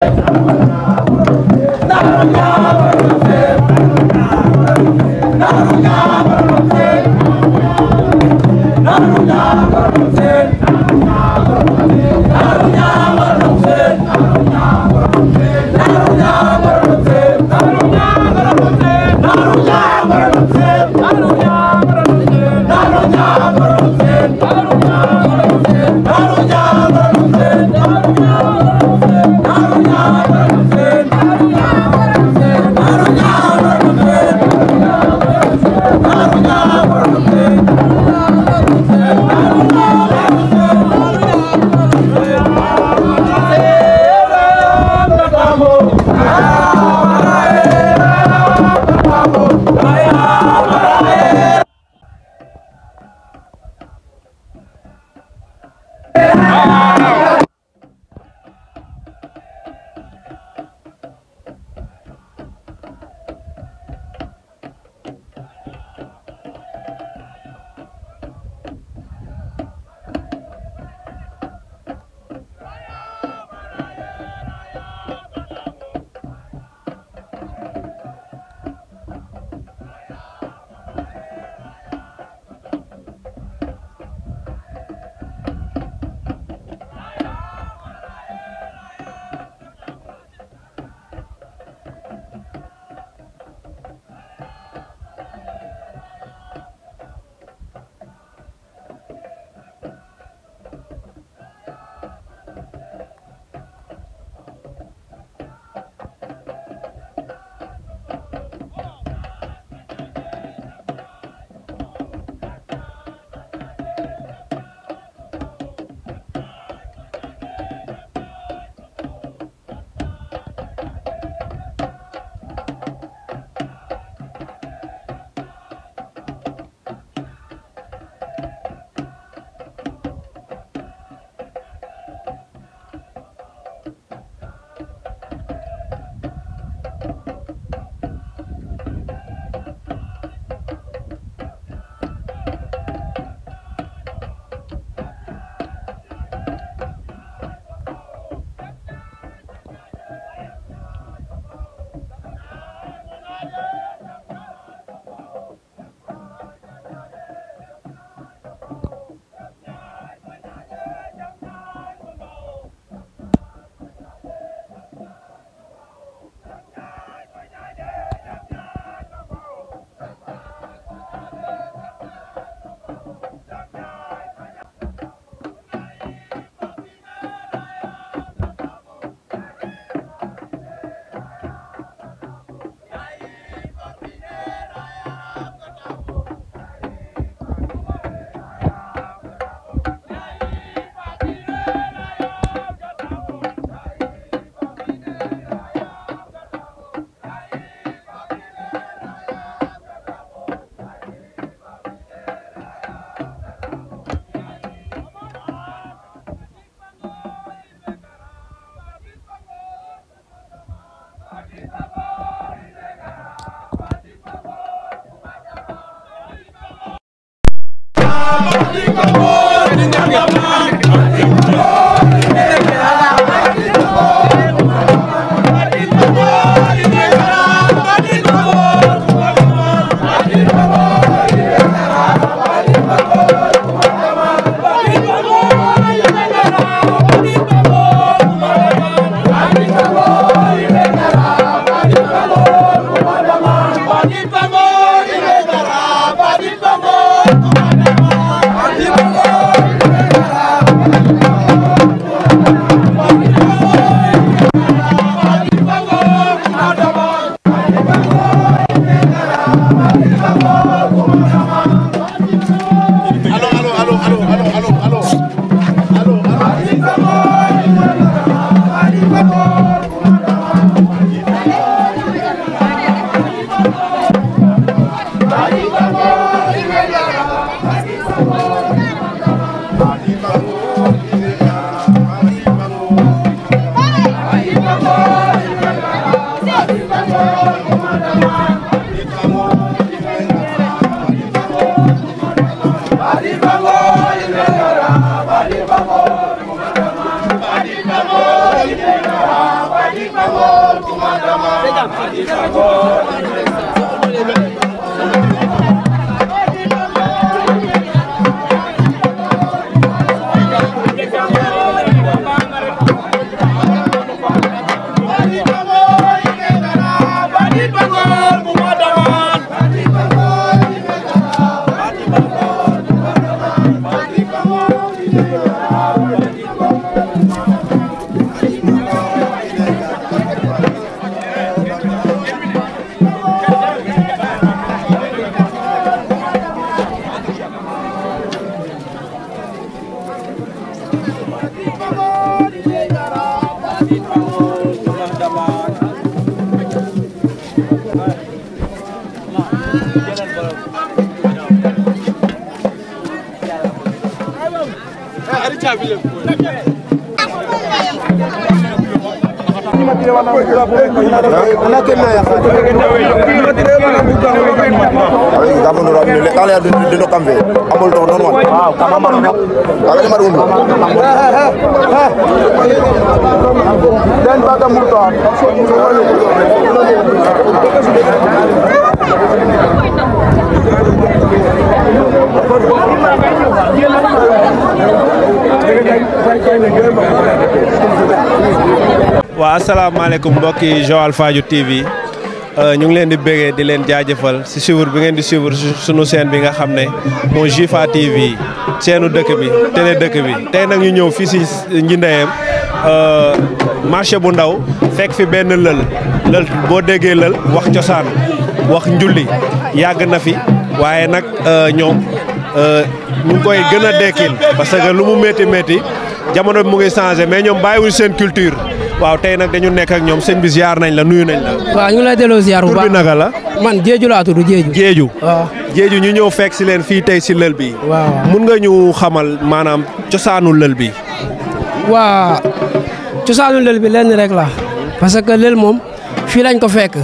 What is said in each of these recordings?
Thank you. Holy Ghost. kamu nurut milik kalian dan pada murtad waa waaw asalaamaaleykum mbokki Joal Fadiouth TV euh, ñu ngi leen di bëggee di leen jaajëfal si suivre bi ngeen di suivre sunu seen bi nga xam ne moo Jifa TV seenu dëkk bi dëkk bi tey nag ñu ñëw fii si Njindeyeem euh, marché bu ndaw fekk fi benn lël lël boo déggee lël wax cosaan wax njulli yàgg na fi waaye nag euh, ñoom ñu ngi koy gën a dekkil parce que lu mu métti métti jamono bi mu ngi changé mais ñoom bàyyiwuñ seen culture waaw tey nag dañu nekk ak ñoom sëñ bi ziar nañ la nuyu nañ la. waaw ñu lay delloo ziar bu man Jéeju laa tudd Jéeju. Jéeju ñu ñëw fekk si leen fii tey si lël bi. waaw mun nga ñu xamal maanaam cosaanu lël bi. waa cosaanu lël bi lenn rek la parce que lël moom fii lañ ko fekk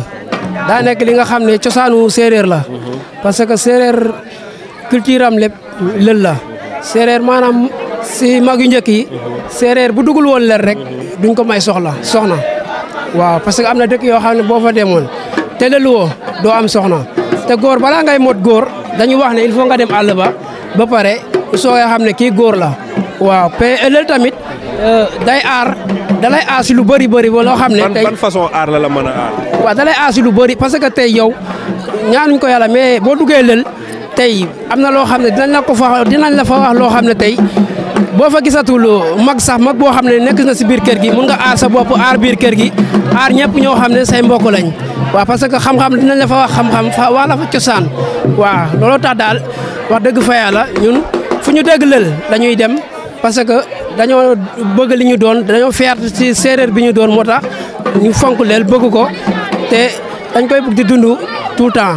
daa nekk li nga xam ne cosaanu séeréer la mhm. parce que séeréer culture am lépp la séeréer maanaam. si mag yu njëkk yi séeréer bu dugul woon leen rek duñ ko may soxla soxna waaw parce que am na dëkk yoo xam ne boo fa demoon te lëluwoo doo am soxna te góor balaa ngay mot góor dañu wax ne il faut nga dem àll ba ba pare soo xam ne kii góor la waaw pe ëllëg tamit euh, day aar dalay aar si lu bëri bëri ba loo xam ne. tey ban façon aar la la mën a aar. waaw dalay aar si lu bëri parce que tey yow ñaanuñ ko yàlla mais boo duggee lël tey am na loo xam ne dinañ la ko fa dinañ la fa wax loo xam ne tey boo fa gisatul mag sax mag boo xam ne nekk na si biir kër gi mun nga aar sa bopp aar biir kër gi aar ñëpp ñoo xam ne say mbokk lañ waaw parce que xam-xam dinañ la fa wax xam-xam fa wala fa cosaan waa looloo tax daal wax dëgg fa yàlla ñun fu ñu dégg lël dañuy dem parce que dañoo bëgg li ñu doon dañoo feer si séeréer bi ñu doon moo tax ñu fonk leel bëgg ko te dañ koy bëgg di dund tout le temps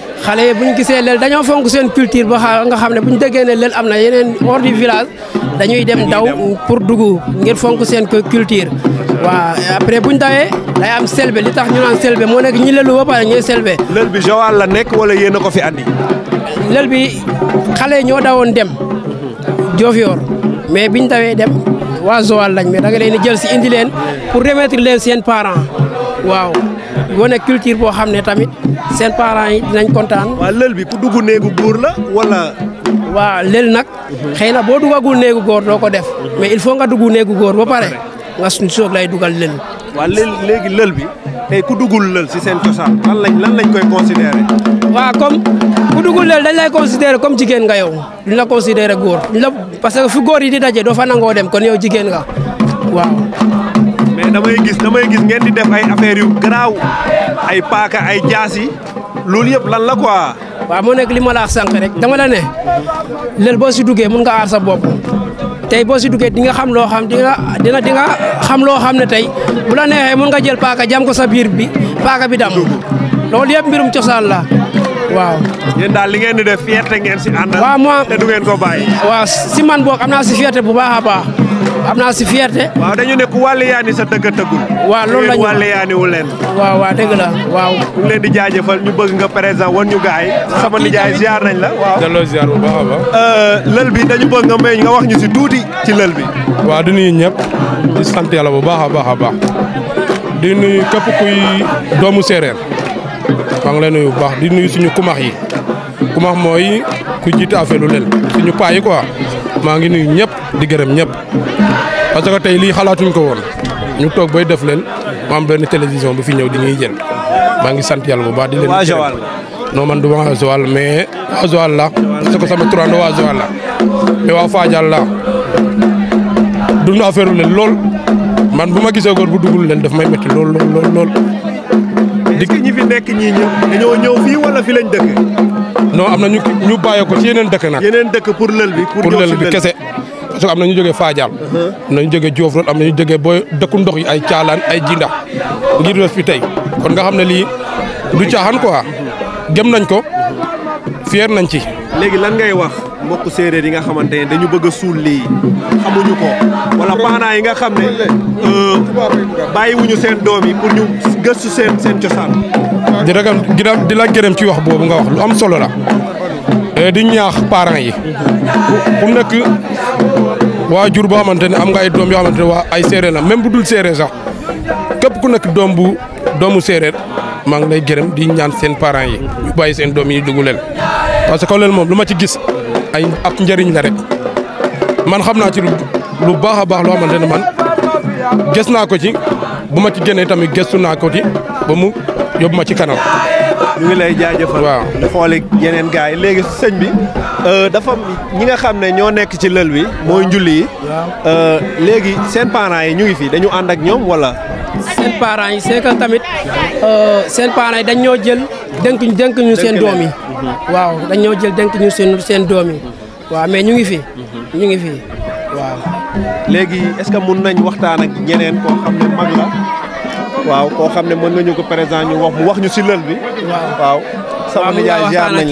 xale yi bu ñu gisee lël dañoo fonk seen culture ba nga xam ne bu ñu déggee lël am na yeneen hors du village dañuy dem daw pour dugg ngir fonk seen culture. waaw après bu ñu dawee day am selbe li tax ñu naan selbe moo nekk ñi lëlu ba pare ñooy selbe. lël bi Joal la nekk wala yéen a ko fi andi. lël bi xale yi ñoo dawoon dem Diofior mais bi ñu dawee dem waa Joal lañ mais da nga leen jël si indi leen pour remettre leen seen parent waaw. wane culture boo xam ne tamit seen parents yi dinañ kontaan. waaw lël bi ku dugg néegu góor la walla waaw lël nag. xëy na boo duggagul néegu góor doo ko def. mais il faut nga dugg nee néegu góor ba pare. nga suñ soog lay dugal lël. waaw lël léegi lël bi tey ku duggul lël si seen cosaan lan lañ lan lañ koy considéré. waaw comme ku duggul lël dañ lay considéré comme jigéen nga yow duñ la considéré góor. duñ la parce que fu góor yi di daje doo fa nangoo dem kon yow jigéen nga waaw. mais damay gis damay gis ngeen di def ay affaires yu garaaw ay paaka ay jaasi yi loolu yëpp lan la quoi. waaw moo nekk li ma la sànq rek dama la ne lël boo si duggee mun nga aar sa bopp tey boo si duggee di nga xam loo xam di nga dina di xam loo xam ne tey bu la neexee mun nga jël paaka jam ko sa biir bi paaka bi dam loolu yëpp mbirum cosaan la. waaw yéen daal li ngeen di def fierté ngeen si àndal. waaw moi te du ngeen ko bàyyi. waaw si man boog am naa si fierté bu baax a am naa si fierté. waaw dañu ne ku wàllu sa dëgg tëggul. waaw loolu la ñu wàllu wu leen. waaw waa dëgg la waaw. ñu leen di jaajëfal ñu bëgg nga présent wan ñu gaay sama nijaay ziar nañ la waaw. delloo ziar bu baax euh, bi dañu bëgg nga may nga wax ñu si tuuti ci lël bi. waaw du nuyu ñëpp di sant yàlla bu baax a baax a baax di nuyu képp doomu séeréer maa ngi lay nuyu bu baax di nuyu suñu kumax yi kumax mooy ku jiite affaire lu lel suñu paa yi quoi maa ngi nuyu ñëpp di gërëm ñëpp parce que tey lii xalaatuñ ko woon ñu toog booy def leen mu am benn télévision bu fi ñëw di ñuy jël maa ngi sant yàlla bu baax di leen. waa Joal non man du ma waa Joal mais waa Joal la parce que sama turando waa Joal la mais waa Fadial la dund affaire lu lel lool man bu ma gisee góor bu dugul leen daf may métti lool lool lool lool. est-ce que ñi fi nekk ñii ñëpp dañoo ñëw fii wala fi lañ dëkk. noon am na ñu ñu bàyyi ko ci yeneen dëkk nag. yeneen dëkk pour lël bi. pour lël bi kese. parce am na ñu jógee Fadial. Uh-huh. am na ñu jógee Diouf am na ñu jógee booy dëkku ndox yi ay caalaan ay jinda ngir def fi tey kon nga xam ne lii du caaxaan quoi gëm nañ ko fier nañ ci. léegi lan ngay wax. mbokk séré yi nga xamante dañu bëgg a suul xamuñu ko wala parents yi nga euh bayyi wuñu seen doomi pour ñu gëstu seen seen cosaan. di ragal di la gërëm ci wax bobu nga wax lu am solo la. Eh, di ñaax parents yi. ku nekk wa jur bo ne am nga ay doom yo xamante wa ay séré la même bu dul séré sax kep ku nekk doom bu doomu séré maa ngi lay gërëm di ñaan seen parents yi. ñu bayyi seen doom yi parce que loolu moom lu ci gis. ay ab njëriñ la rek man xam naa ci lu baax a baax loo xamante ne man gës naa ko ci bu ma ci génnee tamit gëstu naa ko ci ba mu yóbbu ma ci kanam. ñu ngi lay jaajëfal. waaw di xooli yeneen gars yi léegi sëñ bi euh, dafa ñi nga xam ne ñoo nekk ci lël wi mooy njulli yi. Euh, léegi seen parents yi ñu ngi dañu ànd ak ñoom wala. seen parents yi c'est que tamit euh, seen parents yi dañ ñoo jël dénk ñu dénk ñu seen doom yi. waaw dañ ñëw jël denk ñu seen seen doom yi waaw mais ñu ngi fi. ñu ngi fi waaw. léegi est-ce que mun nañ waxtaan ak ñeneen koo xam ne mag la waaw koo xam ne mën nañu ko présent ñu wax mu wax ñu si lël bi. waaw sama nijaay ziar nañ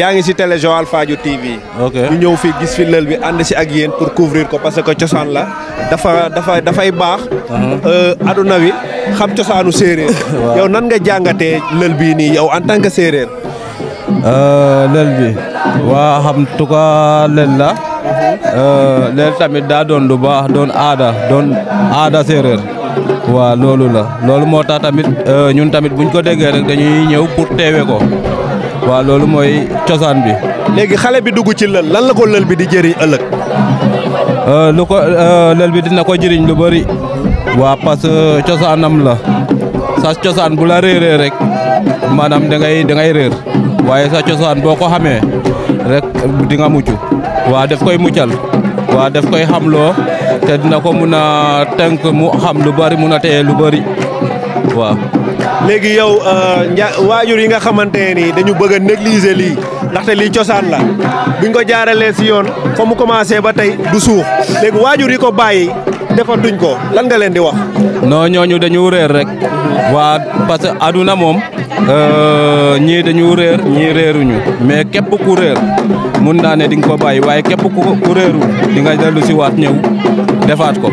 yaa ngi si télé Joal Fadiouth TV. ñu ñëw fii gis fi lël bi ànd si ak yéen pour couvrir ko parce que cosaan la dafa dafa dafay baax. Uh-huh. Euh, aduna wi xam cosaanu séeréer. yow nan nga jàngate lël bii nii yow en tant que séeréer. Euh, lël bi waa xam tuka lël la euh, lël tamit daa doon lu baax doon aada doon aada séeréer waaw loolu la loolu moo tax tamit euh, ñun tamit buñ ko déggee rek dañuy ñëw pour teewe ko waaw loolu mooy cosaan bi. léegi xale bi dugg ci lël lan la ko lel bi di jëriñ ëllëg. lu ko lel bi dina ko jëriñ lu bëri. waa parce que cosaanam la. sa cosaan bu la réeree rek maanaam dangay ngay da ngay réer waaye sa cosaan boo ko xamee rek di nga mucc waa daf koy muccal waa daf koy xamloo te dina ko mun a tënk mu xam lu bari mun a téye lu bari waaw. léegi yow euh, waajur yi nga xamante ne nii dañu bëgg a négliger lii ndaxte lii cosaan la buñ ko jaaralee si yoon fa mu commencé ba tey du suux léegi waajur yi ko bàyyi. defal duñ ko lan nga len di wax non ñoñu dañu réer rek wa parce que aduna euh ñi dañu réer ñi réeruñu mais képp ku réer mun naa ne di nga ko bàyyi waaye képp ku réeru di nga dellu ci wat ñew defaat ko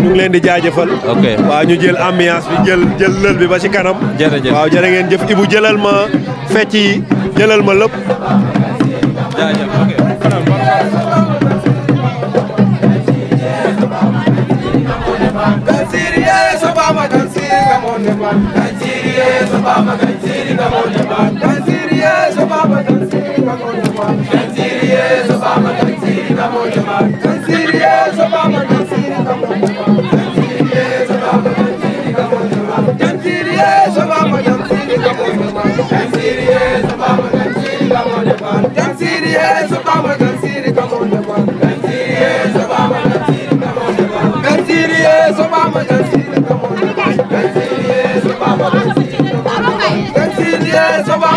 ñu ngi leen di jaajeufal ok wa ñu jël ambiance bi jël jël leul bi ba ci kanam jërëjëf waaw jërë ngeen jëf ibu jëlal ma fetti jëlal ma lepp jaajëf ok man Kansiri Yesu Baba Kansiri Kamonya man Kansiri Yesu Baba Kansiri Kamonya man Kansiri Yesu Baba Kansiri Kamonya man Kansiri Yesu Baba Kansiri Kamonya man Kansiri Yesu Baba Kansiri Kamonya man Kansiri Yesu Baba Kansiri Kamonya man Kansiri Yesu Baba Kansiri Kamonya man Kansiri Yesu Baba Kansiri Kamonya man Kansiri Yesu Baba Kansiri Kamonya man Kansiri Yesu Baba Kansiri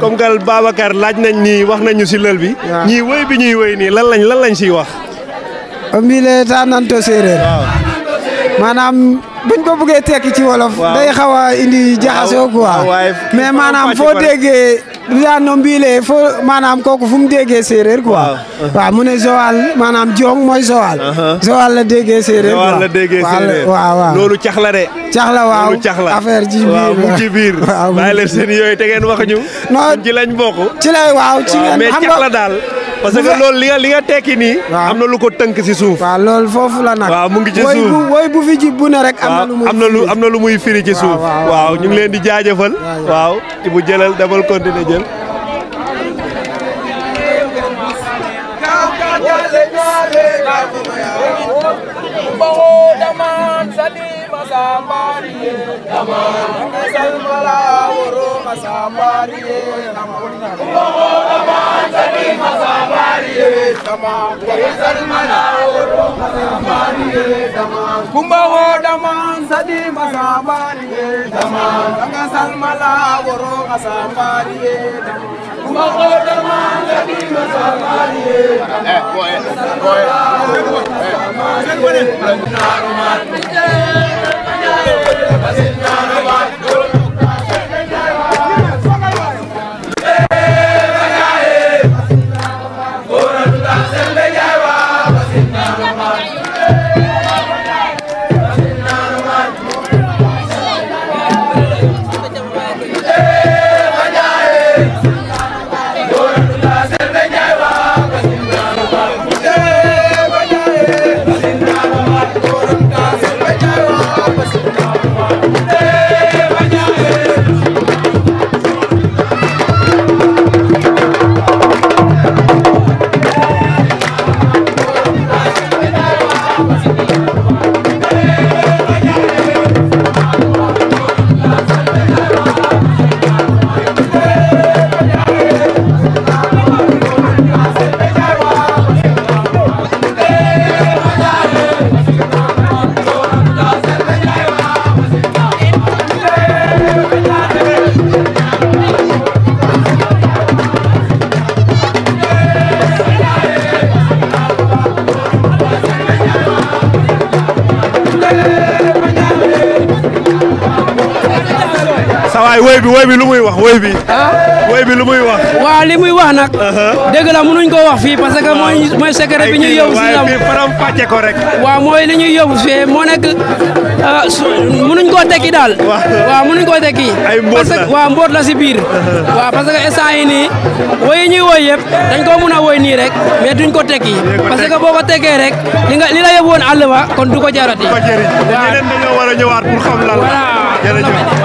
comme que Babacar laaj nañ nii wax nañu si lël bi. ñii wëy bi ñuy wëy nii lan lañ lan lañ siy wax. mbile taananto séeréer. maanaam buñ ko bëggee tekki ci wolof. day xawa indi jaxasoo quoi. mais maanaam foo déggee. daanaka mbile foo maanaam kooku fu mu déggee séeréer quoi. waaw mu ne Joal maanaam Jong mooy Joal. Uh-huh. Joal la déggee séeréer. Joal la déggee séeréer waaw de. cax waaw affaire ji biir waaw mu ci waaw bàyyi leen seen yooyu te wax ñu. non ci lañ bokk. ci lay waaw ci ngeen mais cax parce que loolu li nga li nga tekki nii. am na lu ko tënk si suuf. waaw loolu foofu la nag. waaw mu ngi ci suuf woy ji am na lu am na lu muy firi ci suuf. waaw ñu ngi leen di jaajëfal. waaw i bu jëlal demal continuer jël. Bawo masambariye salmala woro masambariye Sani masambariye dama salmala woro masambariye dama kumbawo dama sadi masambariye eh, dama kanga salmala woro masambariye dama kumbawo dama sadi masambariye dama Thank you. waay woy bi lu muy wax woy bi. Ah. bi lu muy wax. waaw li muy wax nag. dëgg la mënuñ koo wax fii parce que mooy ah. mooy secret bi ñuy yóbbu si lamb. waaye fii faram fàcce ko rek. waaw mooy li ñuy yóbbu fii moo nekk ah, mënuñ koo tekki daal. waaw mënuñ koo tekki. ay mboot la waaw mboot la si biir. waaw parce que instant yii yi ñuy woy yëpp dañ koo mën a woy nii rek mais duñ ko tekki. parce que boo ko tekkee rek li nga li yóbbu woon àll kon du ko jarati. waaw ñeneen dañoo a ñëwaat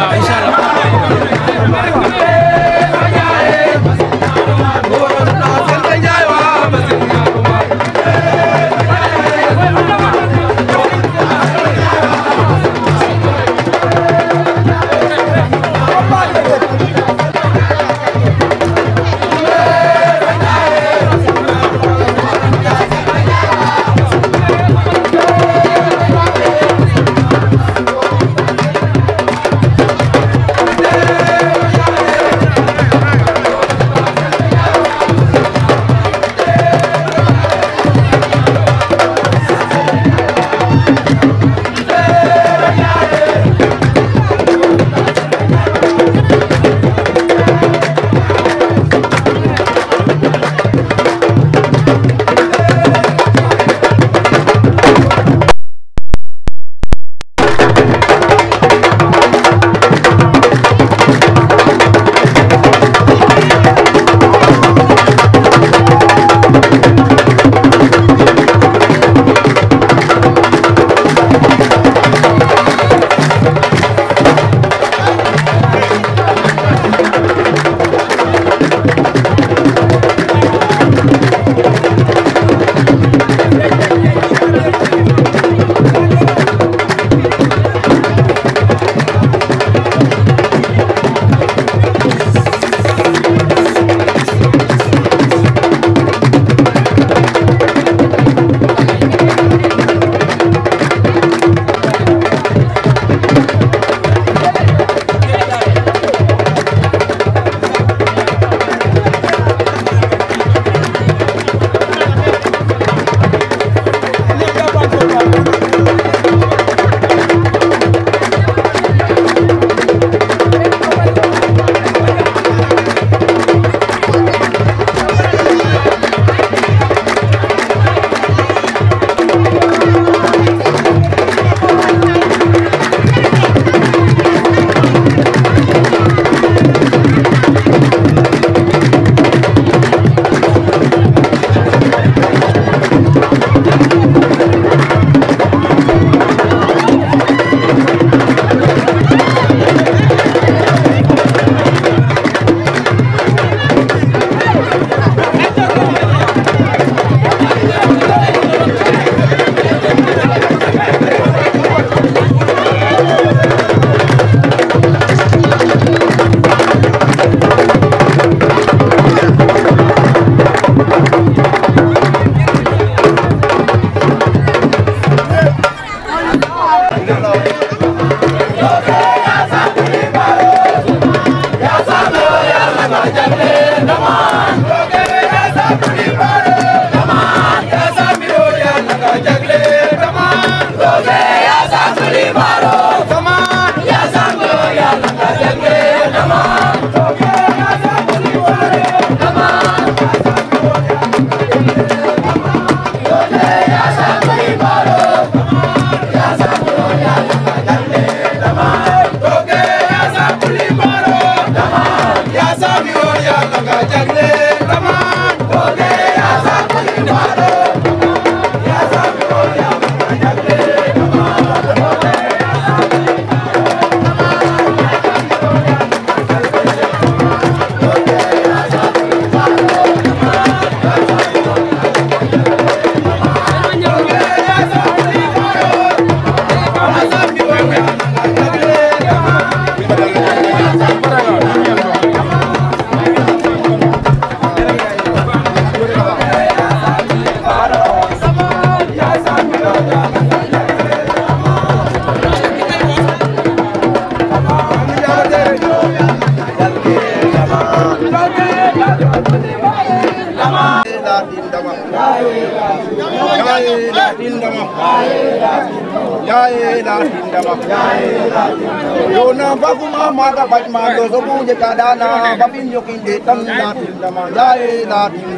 wala na babinyok hindi tam natin dama jaye natin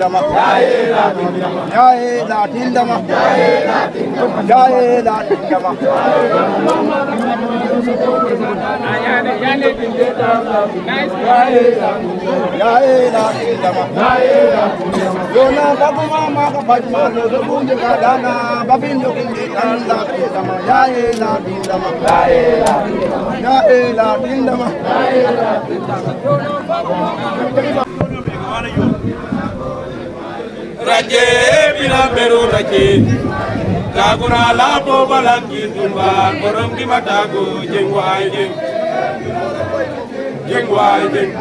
Kabin yokindi an la dindama, ya e la dindama, ya e la dindama, ya e la dindama, ya e la dindama. Raje bina beru raje, kaguna la po balangi tumba, korom di mataku jengwai jeng, jengwai jeng.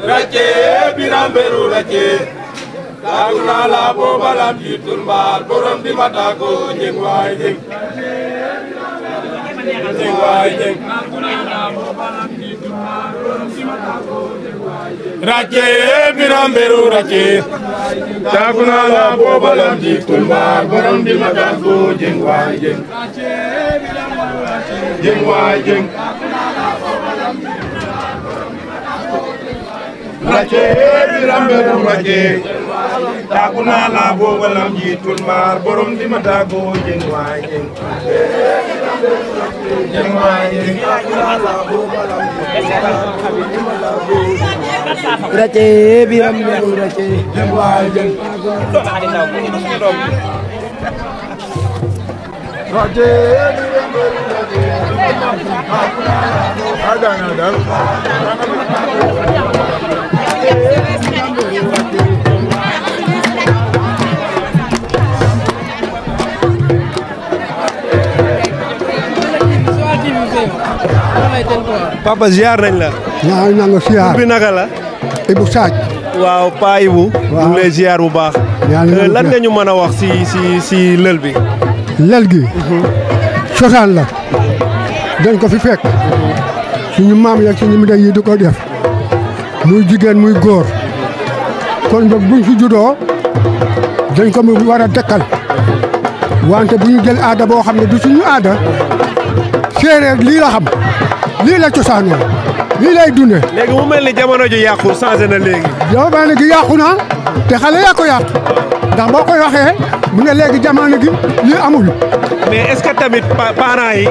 Raje bina beru raje. Daguna la bobalam jitul mbaal borom di matako jeng waay jeng jeng waay jeng Racce biram beru racce Daguna la bobalam jitul mbaal borom di matako jeng waay jeng jeng waay jeng Racce biram beru racce tàggu naa laa booba lam jiitul maar borom di ma tàggoo jën waay jën jën waay jën tàggu naa laa booba lam jiitul maar borom di ma tàggoo racee biram ñëw racee jën waay jën racee biram ñëw racee papa ziar nañ la ñaaw na nga ziar bi naka la ibu saaj waaw pa ibu ñu lay ziar bu baax euh, lan nga ñu mëna wax si si si leul bi leul gi mhm. cosaan la dañ ko fi fekk suñu mam yak suñu mi day yi diko def muy jigen muy gor kon ba buñ fi judo dañ ko mu wara dekkal wante buñu jël aada bo xamne du suñu aada séeréer lii la xam lii la cosaanoo lii lay dunde léegi mu mel ni jamono ji yàqu changé na léegi. jamono gi yàqu na te xale ko yàq ndax boo koy waxee mu ne léegi jamono gi lii amul. mais est-ce que tamit parents yi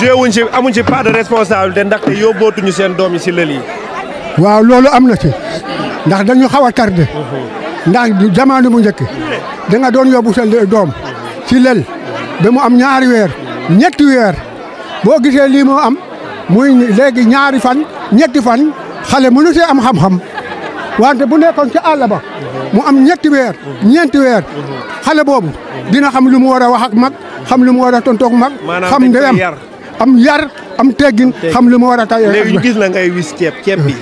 joué wuñ ci amuñ ci part de ndax ndaxte yóbbootuñu seen doom yi si lël yi. waaw loolu am na ci ndax dañu xaw a tardé mhm. ndax jamono mu njëkk da nga doon yóbbu sa doom ci lël ba mu am ñaari weer ñetti weer. boo gisee lii moo am muy léegi ñaari fan ñetti fan xale mënu see am xam-xam wante bu nekkoon ci àll ba mu am ñetti weer ñeenti weer xale boobu dina xam lu mu war a wax ak mag xam lu mu war a tontoog mag xam ndeyam am yar am teggin xam lu mu war a tayoo léegi ñu gis la ngay ceeb ceeb bi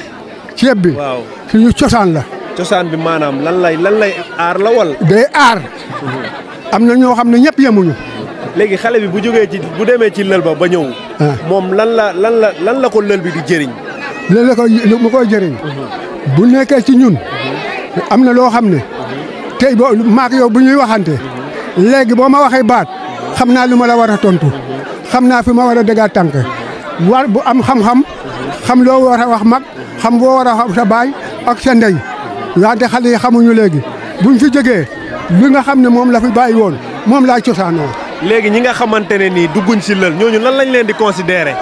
ceeb bi waaw suñu cosaan la cosaan bi maanaam lan lay lan lay aar la wala am na ñoo xam ne ñëpp yemuñu léegi xale bi bu jógee ci bu demee ci lël ba ba ñëw. Ah. moom lan la lan la lan la ko lël bi di jëriñ. lan la ko mu koy jëriñ. Mhm. bu nekkee ci ñun. am na loo xam ne. tey boo maak yow bu ñuy waxante. Mhm. léegi boo ma waxee baat. xam naa lu ma la war a tontu. Mhm. xam naa fi ma war a dëggaat tànk. war bu am xam-xam. xam loo war a wax mag. xam boo war a wax sa baay ak sa ndey. wante xale yi xamuñu léegi buñ fi jógee li nga xam ne moom la fi bàyyi woon moom laa cosaanoo. léegi ñi nga xamantene ni duguñ ci leul ñoñu lan lañ leen di considérer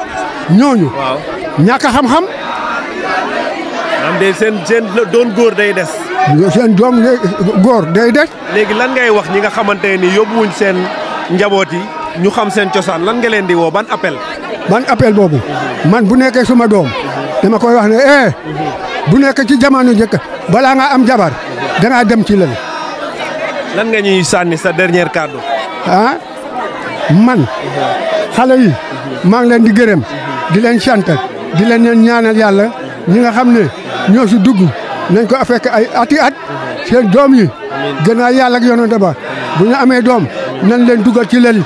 ñoñu waaw ñàkk xam-xam. am de sen seen doon goor day des. sen doom goor day des. léegi lan ngay wax ñi nga xamantene ni nii yóbbuwuñ seen njaboot yi ñu xam sen ciosan lan nga leen di wo ban appel. ban appel bobu man bu nekké suma doom. dama koy wax né eh. bu nekké ci jamanu jëk bala nga am jabar nga dem ci leul lan nga ñuy sanni sa dernier cadeau. ah. man xale yi maa ngi leen di gërëm di leen sant di leen ñaanal yàlla ñi nga xam ne ñoo si dugg nañ ko fekk ay ati at seen doom yi gën a yàlla ak yonante ba bu ñu amee doom nañ leen dugal ci lël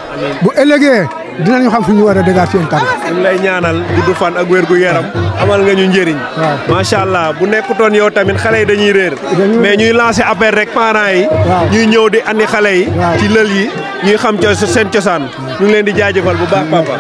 bu ëllëgee dinañu xam fu ñu war a dégaat seen tànk. ñu lay ñaanal di fan ak wér gu yaram amal nga ñu njëriñ. waaw macha allah bu nekkutoon yow tamit xale yi dañuy réer. mais ñuy lancer appel rek parents yi. ñuy ñëw di andi xale yi. ci lël yi ñuy xam seen cosaan. ñu ngi leen di jaajëfal bu baax papa.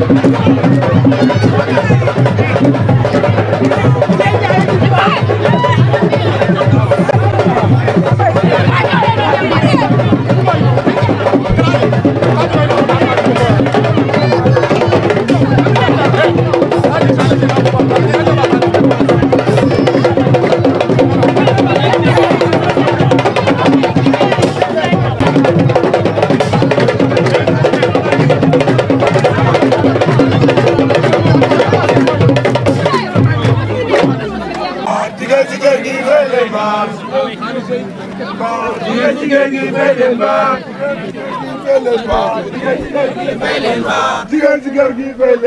Thank you.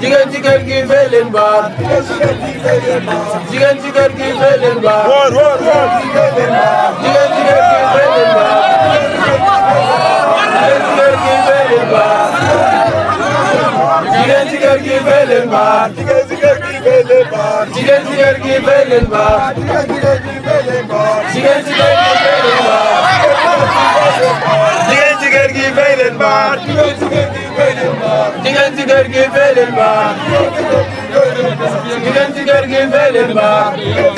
jigéen jigéen gi fay leen baar. jigéen jigéen gi fay leen baar. wóor wóor wóor. jigéen jigéen gi fay leen baar. jigéen jigéen gi fay leen baar. jigéen jigéen gi fay leen baar. jigéen jigéen gi fay leen baar. jigéen jigéen gi fay leen baar. jigéen jigéen gi fay leen baar. jigéen jigéen gi fay leen baar. jigéen ci kër gi feelil ba jigéen ci kër gi feelil ba jigéen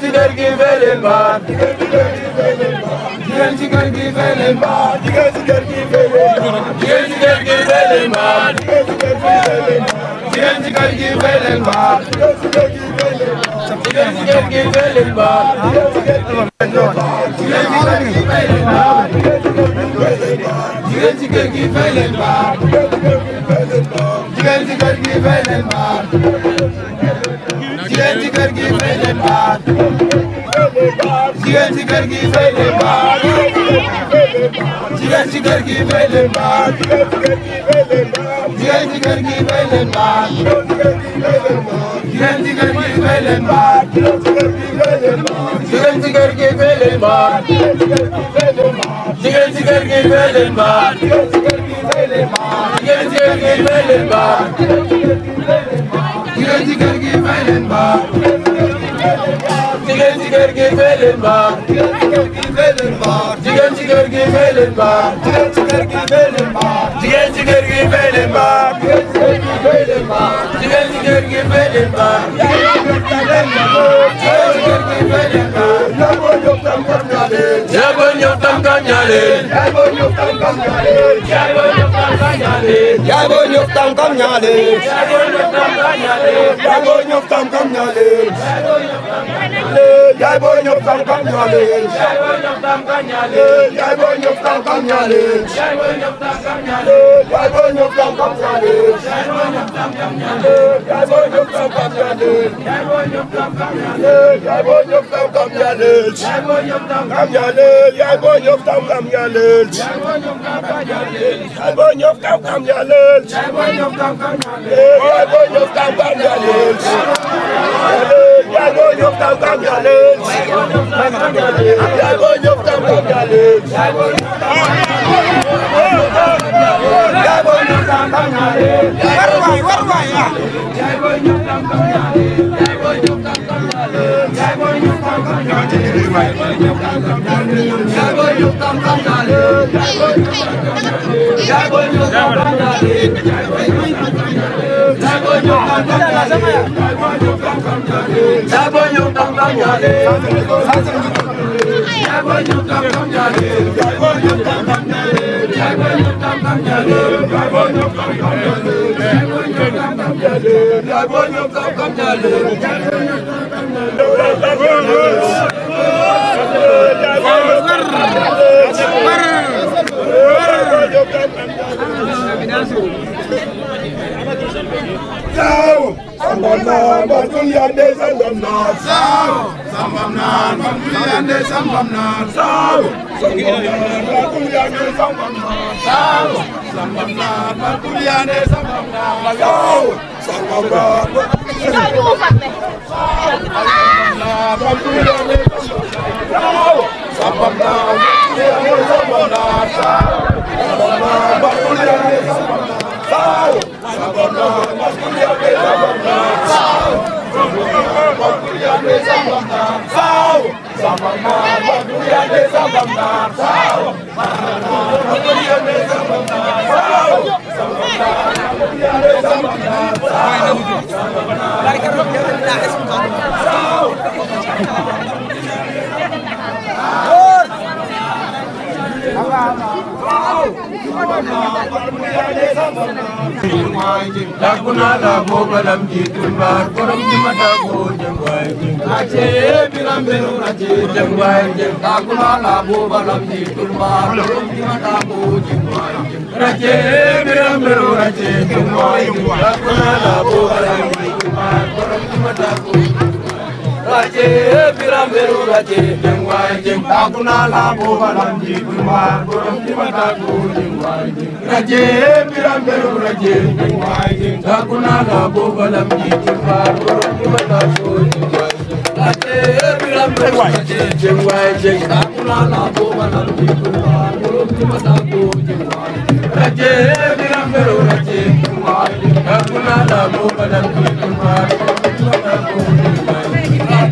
ci kër gi feelil ba jigéen ci kër gi feelil ba jigéen ci kër gi feelil ba jigéen ci kër gi feelil ba Jigéen jigéen gi jigéen ci kër gi fay leen baar. jigéen ci kër gi fay leen baar. jigéen ci kër gi fay leen baar. jigéen ci kër gi fay leen baar. jigéen ci kër gi fay leen baar. jigéen ci kër gi fay leen baar. jigéen ci kër gi fay leen baar. jigéen ci kër gi fay leen baar. jigéen ci kër gi fay leen baal jigéen ci kër gi fay leen baal jigéen ci kër gi fay leen baal jigéen ci kër gi fay leen baal jigéen ci kër gi fee leen baar. jigéen ci kër gi fee leen baar. jigéen ci kër gi fee leen baar. jigéen ci kër gi fee leen baar. jigéen ci kër gi fee leen baar. jigéen ci kër gi fee leen baar. jigéen ci kër gi fee leen baar. jigéen ci kër gi fee leen baar. jigéen ci kër gi fee leen baar. yaa boo ñëw tam kañ ñaareel. yaa boo ñëw tam kañ ñaareel. yaa boo ñëw tam kañ ñaareel. yaa boo ñëw. yaa booy ñëw tam kam ñaale. yaa booy ñëw Jai boy nyop tam cam kam nyalin. Jai boy nyop tam cam kam nyalin. Jai boy nyop tam cam kam nyalin. Jai boy nyop tam cam kam nyalin. Jai boy nyop tam cam kam nyalin. Jai boy nyop tam kam nyalin. Jai boy nyop tam kam nyalin. Jai boy nyop tam kam nyalin. Jai boy nyop tam kam nyalin. Jai boy nyop tam kam nyalin. Jai boy nyop tam kam nyalin. Jai boy nyop tam kam nyalin. Jai boy nyop tam kam nyalin. Jai boy nyop tam cam nyalin. Jai lên cha ngôi nhục tam con nhà lên cha ngôi nhục tam con nhà lên cha ngôi nhục tam tam nhà lên quất tam quất quậy à cha ngôi nhục tam con nhà lên cha ngôi nhục tam con nhà lên cha ngôi nhục tam con nhà lên cha ngôi nhục tam con nhà lên cha ngôi nhục tam con nhà lên cha ngôi nhục tam con nhà lên cha ngôi nhục tam con nhà lên cha ngôi nhục tam tam tam tam tam tam tam tam tam tam tam tam tam tam nhà lên Sabo yung tong tong yale. Sabo yung tong tong yale. Sabo yung tong tong yale. Sabo yung tong tong yale. Sabo yung tong tong yale. Sabo yung tong tong yale. Sabo yung tong tong yale. Sabo yung tong tong yale. Sabo yung tong Go! sao sambamnan batuliande sao sabu sambamnan batuliande sambamnan sabu sambamnan batuliande sambamnan sabu sambamnan batuliande sao sabu sambamnan batuliande sambamnan sabu sambamnan batuliande sambamnan sabu sambamnan batuliande sao sao mà còn đó mà cũng để ra bằng ta sao mà cũng yêu để ra bằng ta sao sao mà mà cũng yêu để ra bằng ta sao mà cũng yêu để ra để ra bằng ta sao lại cái lúc nhớ lại Hãy subscribe cho kênh Ghiền Mì Gõ Để không bỏ lỡ những video hấp dẫn Takuna la bobalam la bobalam ji tumbar korom ji mata ko jangwai jing ache biram benu ache jangwai jing takuna la bobalam ji tumbar te biram beru gate jengwa jeng takuna la bo balam ji kuma borom ji mata ko jengwa jeng raje biram beru raje jengwa jeng takuna la bo balam ji kuma borom ji mata ko jengwa jeng raje biram beru raje jengwa jeng takuna la bo balam ji kuma borom ji mata ko jengwa jeng raje biram beru raje jengwa jeng takuna la bo balam ji kuma borom ji mata ko jengwa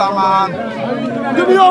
taman. man. Give ya.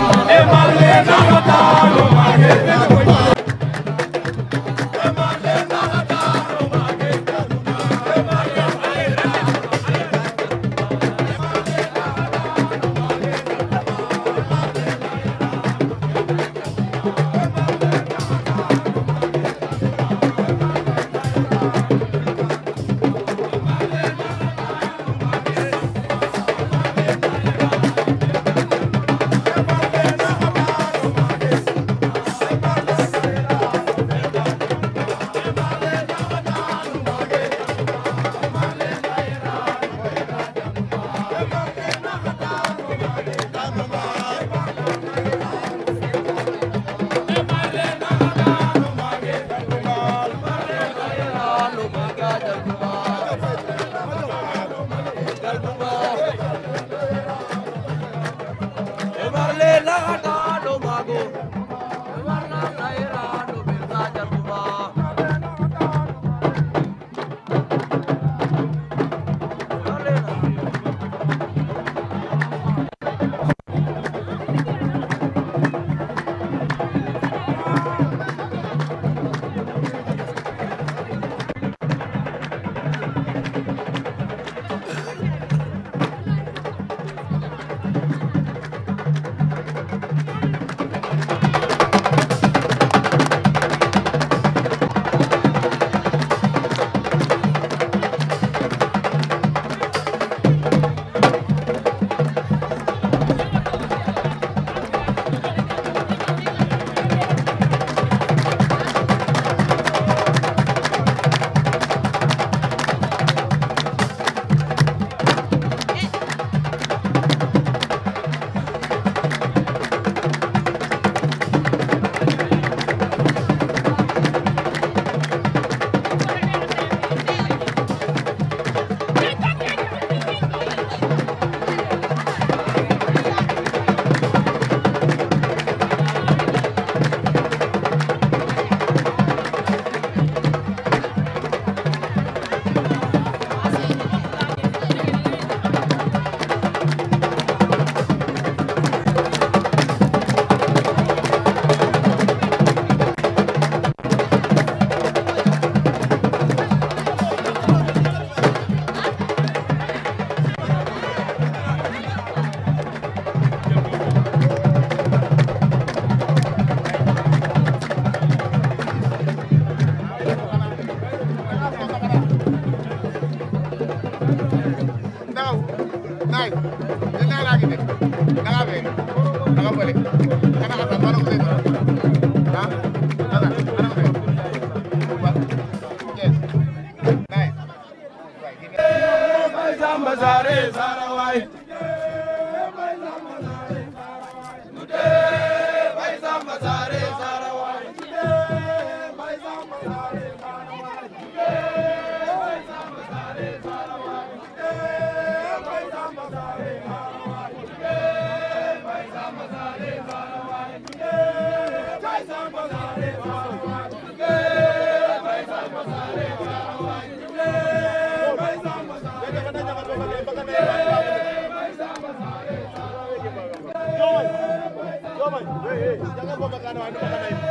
Jaga bawa kawan, kawan.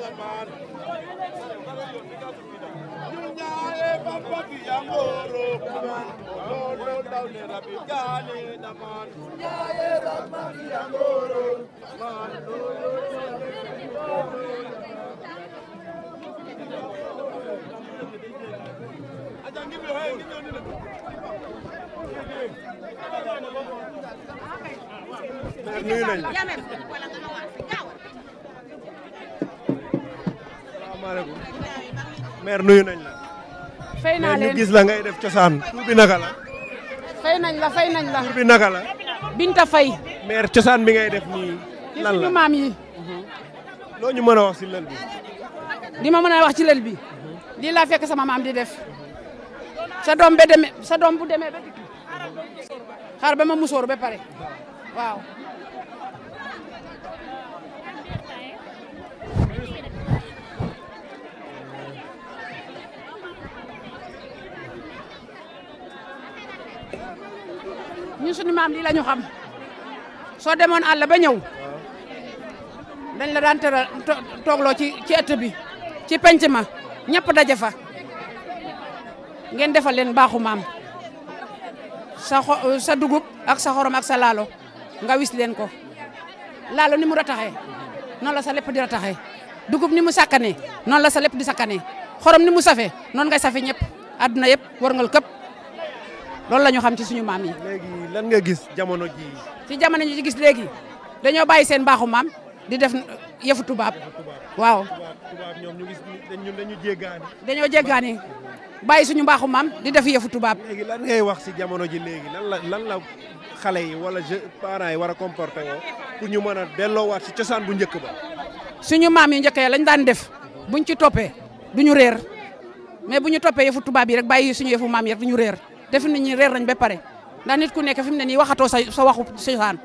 nuyu nañ la asalaamaaleykum maire nuyu nañ la. fay def cosaan tur bi naka la. fay nañ la fay nañ la. tur bi naka la. Binta Faye. maire cosaan bi ngay def nii. lan la ci maam yi. Mhm. def. sa doom ba demee sa doom bu demee ba dikk xaar ba ma musóor pare waaw. ñu suñu maam li lañu xam so demone àll ba ñew dañ la daan tëral toogloo ci ci ëtt bi ci penc ma ñepp dajja fa ngeen defal leen baaxu maam sa sa dugub ak sa xorom ak sa laalo nga wis leen ko laalo ni mu ra taxé non la sa lepp di ra taxé dugub ni mu sakane non la sa lepp di sakane xorom ni mu safé non nga safé ñepp aduna yëpp war nga këpp loolu la ñu xam ci suñu maam yi. léegi lan nga gis jamono ji ci jamono ji gis léegi dañoo bàyyi seen baaxu maam di def yëfu tubaab. waaw tubaab ñoom ñu gis ñun dañu jéggaani. dañoo jéggaani bàyyi suñu mbaaxu maam di def yëfu tubaab. léegi lan ngay wax si jamono ji léegi lan la lan la xale yi wala je parents yi war a comporter pour ñu mën a delloowaat si cosaan bu njëkk ba. suñu maam yu njëkk ya lañ daan def buñ ci toppee duñu réer mais bu ñu toppee yëfu yi rek bàyyi suñu yëfu maam yi rek duñu réer. def nit ñi reer nañ ba pare ndax nit ku nekk fi mu ne nii waxatoo sa sa waxu cosaan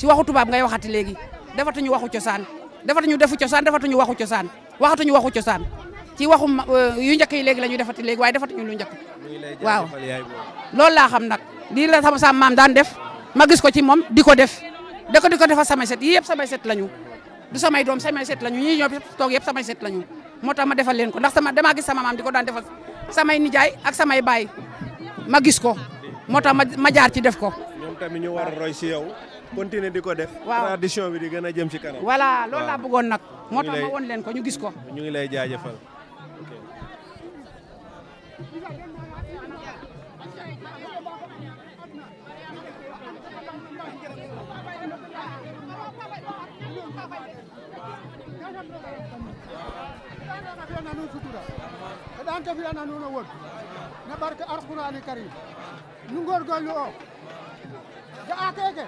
ci waxu tubaab ngay waxati léegi defatuñu waxu cosaan defatuñu defu cosaan defatuñu waxu cosaan waxatuñu waxu cosaan ci waxu euh, yu njëkk yi léegi la ñuy defati léegi waaye defatuñu lu njëkk waaw loolu laa xam nag lii la sama maam daan def ma gis ko ci moom di ko def da ko di ko defa samay set yii yëpp samay set lañu du samay doom samay set lañu ñii ñoo toog yëpp samay set lañu moo tax ma defal leen ko ndax sama damaa gis sama maam di ko daan defal samay nijaay ak samay baay ma gis ko moo tax ma jaar ci def ko. ñoom tamit ñu war a roy si yow. continuer di ko def. waaw tradition bi di gën a jëm si kanam. voilà loolu laa bëggoon nag. moo tax ma woon leen ko ñu gis ko. ñu ngi lay jaajëfal. Thank you. na barke alqur'ani karim nu ngorgorlu o ga'a keke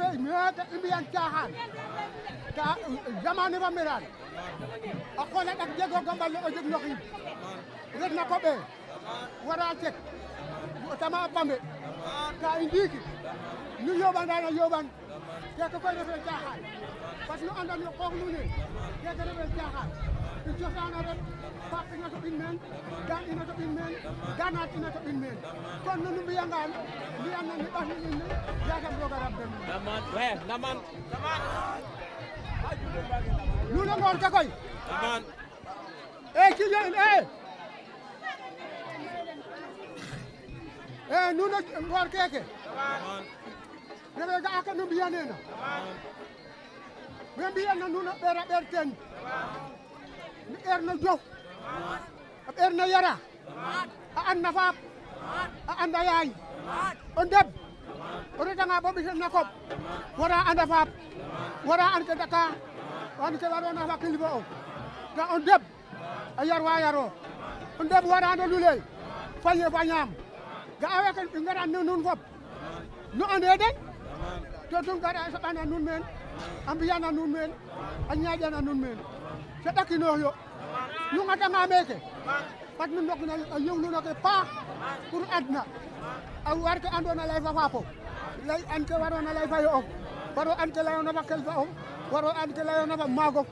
refe mete i caaxaan ta jamane fa meraan a qola ɗak jegooga mbal o jeg no xiid ret na koɓe wara cek tama a pambe ta i nu yooɓandaan a yooɓan keke koy refe caaxaan parce que nu andan no qoox nuun ne caaxaan The Josan of it, back in the bin men, down in the bin men, down out in the bin men. Kon nu bi yangan, bi yangan ni bahi ni ni, ya kam roga rab dem. Naman, eh, naman. Naman. Lu la ngor ka koy. Naman. Eh, ki yo eh. Eh, nu la ngor keke. Naman. Nebe ga aka nu bi yanena. Naman. Membi yanna nu na bera berten. Naman. ni erna jow ab erna yara a an nafaab a anda yaay o ndeb o retanga bo ɓisan na koɓ wara anda faab wara an ke daka wan ke warona fa kilifa o ga Undeb, ndeb a yar wa yaro o ndeb warano luley faye fa ñaam ga a weke i ngara ni nuun fop nu ande den to tun gara a saɓana nuun meen a mbiyana nuun meen a ñaƴana nuun seɗakinoyo yungatanga meke fat nu ndokna a yewlunoke paax pour adna a war ke andona lay fa faapo lay an ke warona lay fa yo of waro an ke layona fa kelfa of waro an ke layona fa maagof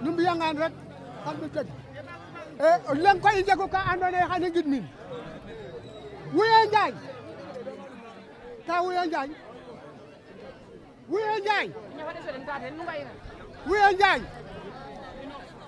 nu mbiyangan rek xam nu teg e eh, leng koy i njegu ka andoona yee xan i ngidmin Wuye Njaay ka Wuye Njaay Wuye Njaay Wuye Njaay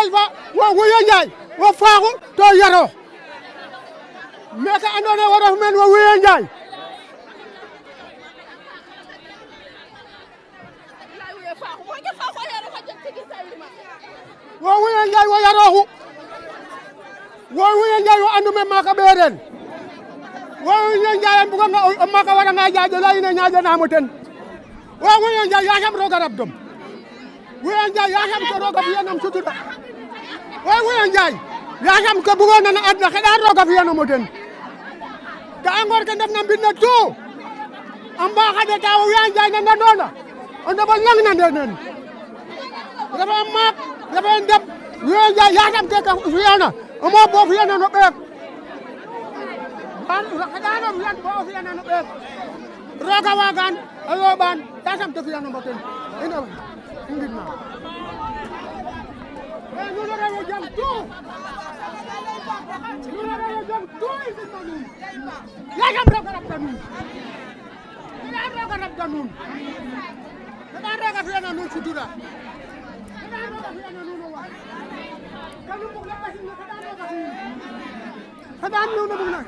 kalba wo wuyo ñaay wo faaxu to yaro meke andoona yee wo ref meen wo wuyo ñaay wo yarooxu wo wuyo ñaay wo andu maaka ɓeeren wo wuyo ñaay a mbuganga o maaka waranga jaajo layin e ñaajanaamo ten wo wuyo ñaay yaasam roog rab dom wuyo ñaay yaasam to roog a fi'anam way wayo njaay yagam ke bugoona na adna xeɗa rooga fiyanamo ten ga'a ngoor ke ndefna mbinna tout a mbaxade ta wo ya njaay na nanoona ya o ndeɓa lang na ndeneen refe maak refe ndeɓ yo njaay yagam ke ka fiyana omo bo fiyana no bo no wagan a yooɓaan yasam te fiyana mbo ten Yaayam roga rab ganun Yaayam roga rab ganun Yaayam roga fiyana nun sudura Yaayam roga fiyana nun wa Ganun bugla pasin na kadan roga fiyana Kadan nun bugla